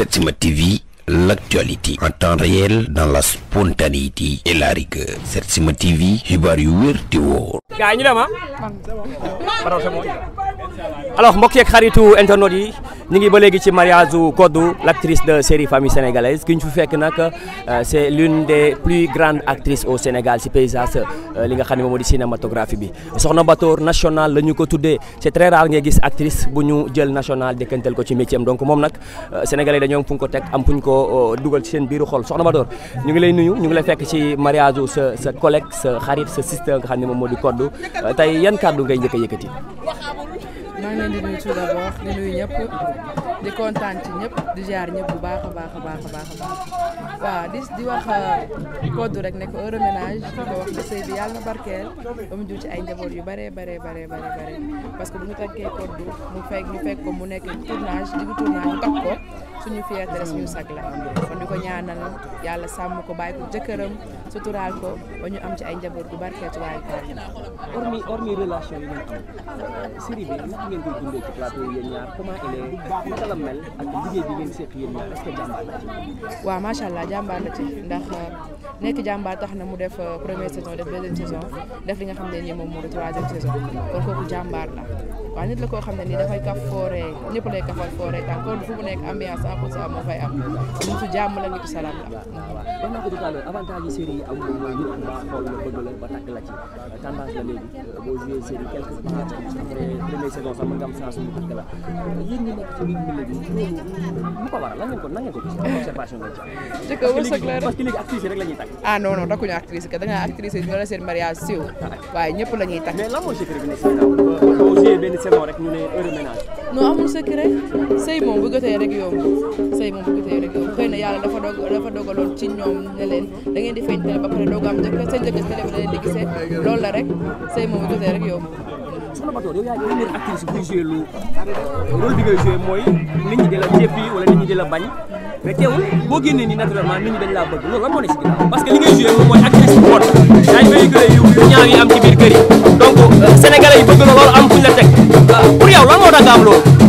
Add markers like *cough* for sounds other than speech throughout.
Setsima TV l'actualité en temps réel dans la spontanéité et la rigueur Setsima TV xibaar yu wér te wóor. gars ah? yi internet yi. ñu ngi ba léegi ci mariage u Kodou l'actrice de série famille sénégalaise ki ñu fi fekk nag euh, c'est l'une des plus grandes actrices au Sénégal ci paysage euh, li nga xam ne moom moo di cinématographie bi soxna Batoor national la ñu ko tuddee c'est très rare ngay gis actrice bu ñu jël national dëkkantel ko ci métier donc moom nag euh, sénégalais dañoo am ñu ko teg am fu ko dugal ci seen biiru xol soxna Batoor ñu ngi lay nuyu ñu ngi lay fekk ci mariage u sa sa collègue sa xarit sa sister nga xam ne moom moo di Kodou tey yan kàddu ngay njëkk a yëkkati maa ngi leen di nuyu tout d'abord di nuyu ñëpp di kontaan ci ñëpp di jaar ñëpp bu baax baax a baax a baax baax waaw di di wax koddu euh, rek ne ko di ko wax ne sëy bi yàlla na barkeel ba mu jur ci ay njaboot yu bare bare bare bare parce que bu ñu takkee koddu mu fekk mu fekk ko mu nekk tournage diggu tournage mu takk ko suñu fierté la suñu sag la kon di ko ñaanal yàlla sàmm ko bàyyi ko jëkkëram suturaal ko ba ñu am ci ay njaboot yu barkeel ci waaye kaay hormis hormis ngeen koy dundee ci plateau yi yéen jàmbaar la ci. waaw macha allah jàmbaar la ci ndax euh, nekk jàmbaar tax na mu def euh, première saison def deuxième saison def li nga xam ne nii moom moo di troisième saison kon kooku jàmbaar la. waaw nit la koo xam ne nii dafay kaf foore ñëpp lay kafal foore taan kon fu mu nekk ambiance 100 pour cent moo fay am nitu jàmm la nitu salaam la. waaw waaw ko tout à l'heure avantage yi série yi am moom mooy nit nga xool la bëgg la ba tàgg la ci tendance la léegi boo joué série quelque part après première saison sax mën nga am chance mu tàgg la yéen ñi nekk ci biir milieu bi mu ko waral lan ngeen ko nan ngeen ko gis observation la ci parce que wërsëg la parce que léegi actrice rek la ñuy tàgg ah non non dakkuñu actrice que da nga actrice wala seen mariage siiw *laughs* waaye ñëpp la ñuy tàgg mais lan moo secret bi nekk seulement rek ñu ne heure ménage. non moom bu jotee rek yomb sëy moom bu jotee rek yomb xëy na yàlla dafa doog dafa ci ñoom ne leen da ngeen di feeñ télé da leen di gisee loolu la rek sëy moom bu jotee rek yomb. soxna Bator yow yaa ngi première actrice ngay joué mooy nit ñi di la jéppi wala nit ñi di la bañ mais boo génnee nii naturellement nit ñi dañ laa bëgg loolu lan moo ne si ginnaaw parce que li ngay joué mooy actrice bu bon yaay véhiculé yu ñaaw yi am ci biir Sénégalais yi bëgg na loolu am kuñ la teg ah, pour yow lan moo tax nga am loolu.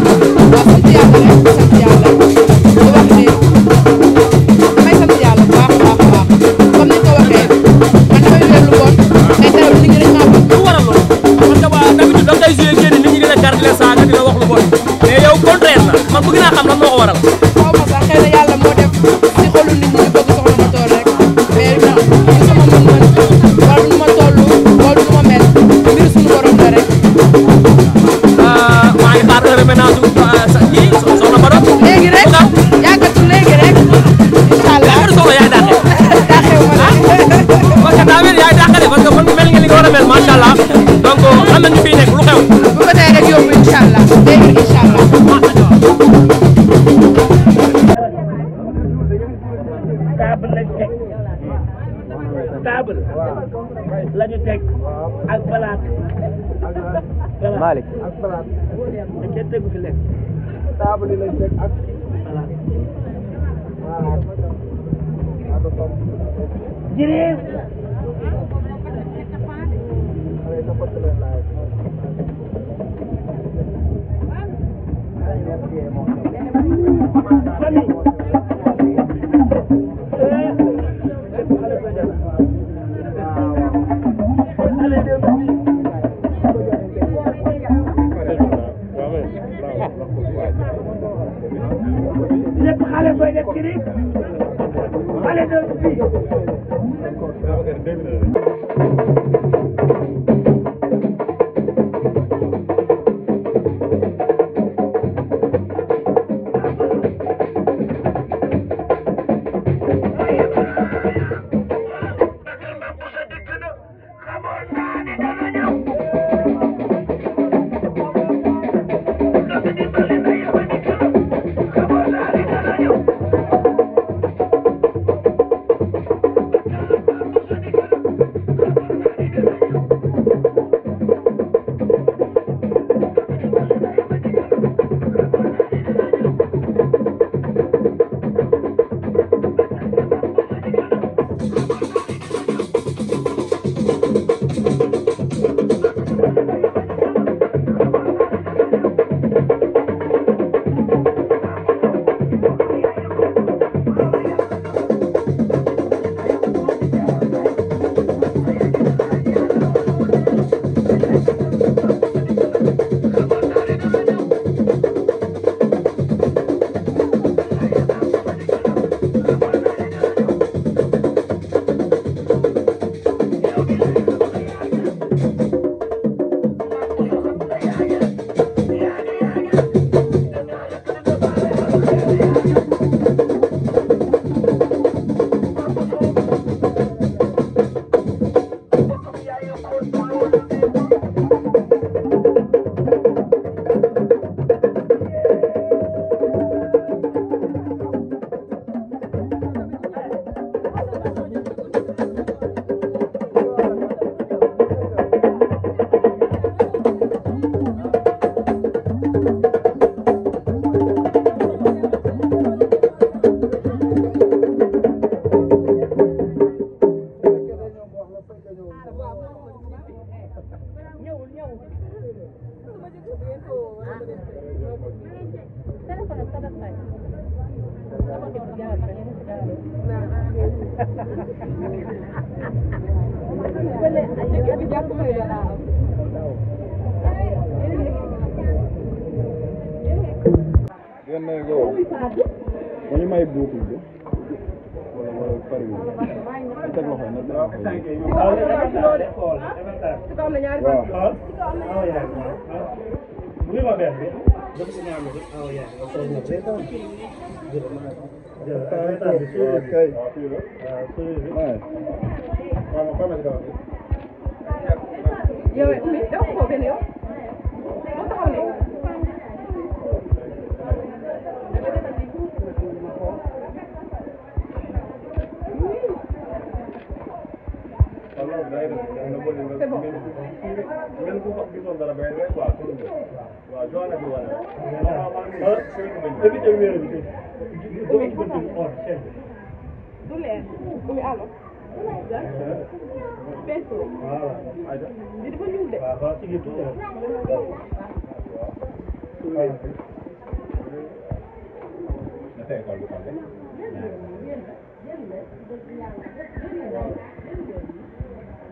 la ñu teg ak balaat. *laughs* Malick ak balaat. da cee lépp xale koy def ci nit xale doo ci fii ñëwul ñëwul. Then they go. When you might book it. waaw. yow C'est bon. Du leer muy allo. Peso. Di dafa ñuul de. Waaw. souris bi xool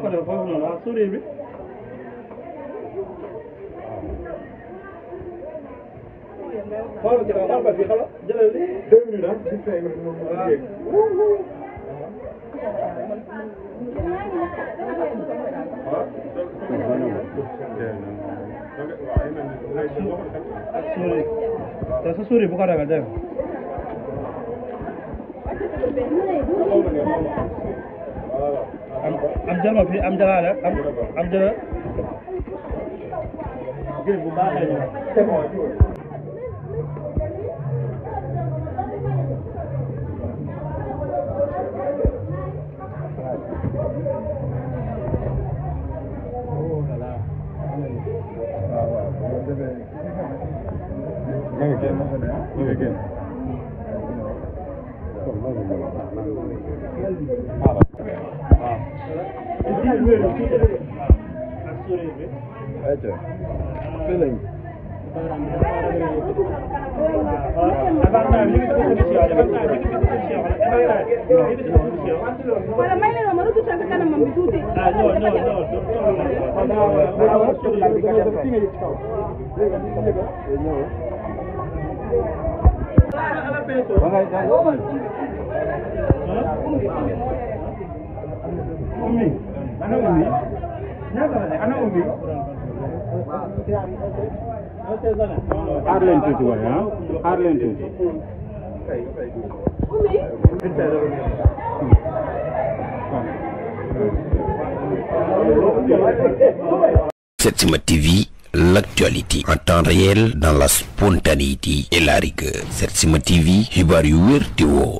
ko def foofu noonu bi Suri. Tässä Suri mukana vielä teemme. am jël ma fii am jëlaale am am ñu ngi génn ñu ngi génn waaw wala may leen ma rëdd sa kanamam bi tuuti. ah non non non. ana ummi ana ummi xaar leen tuuti ah. l'actualité en temps réel dans la spontanéité et la rigueur. Setsima TV, xibaar yu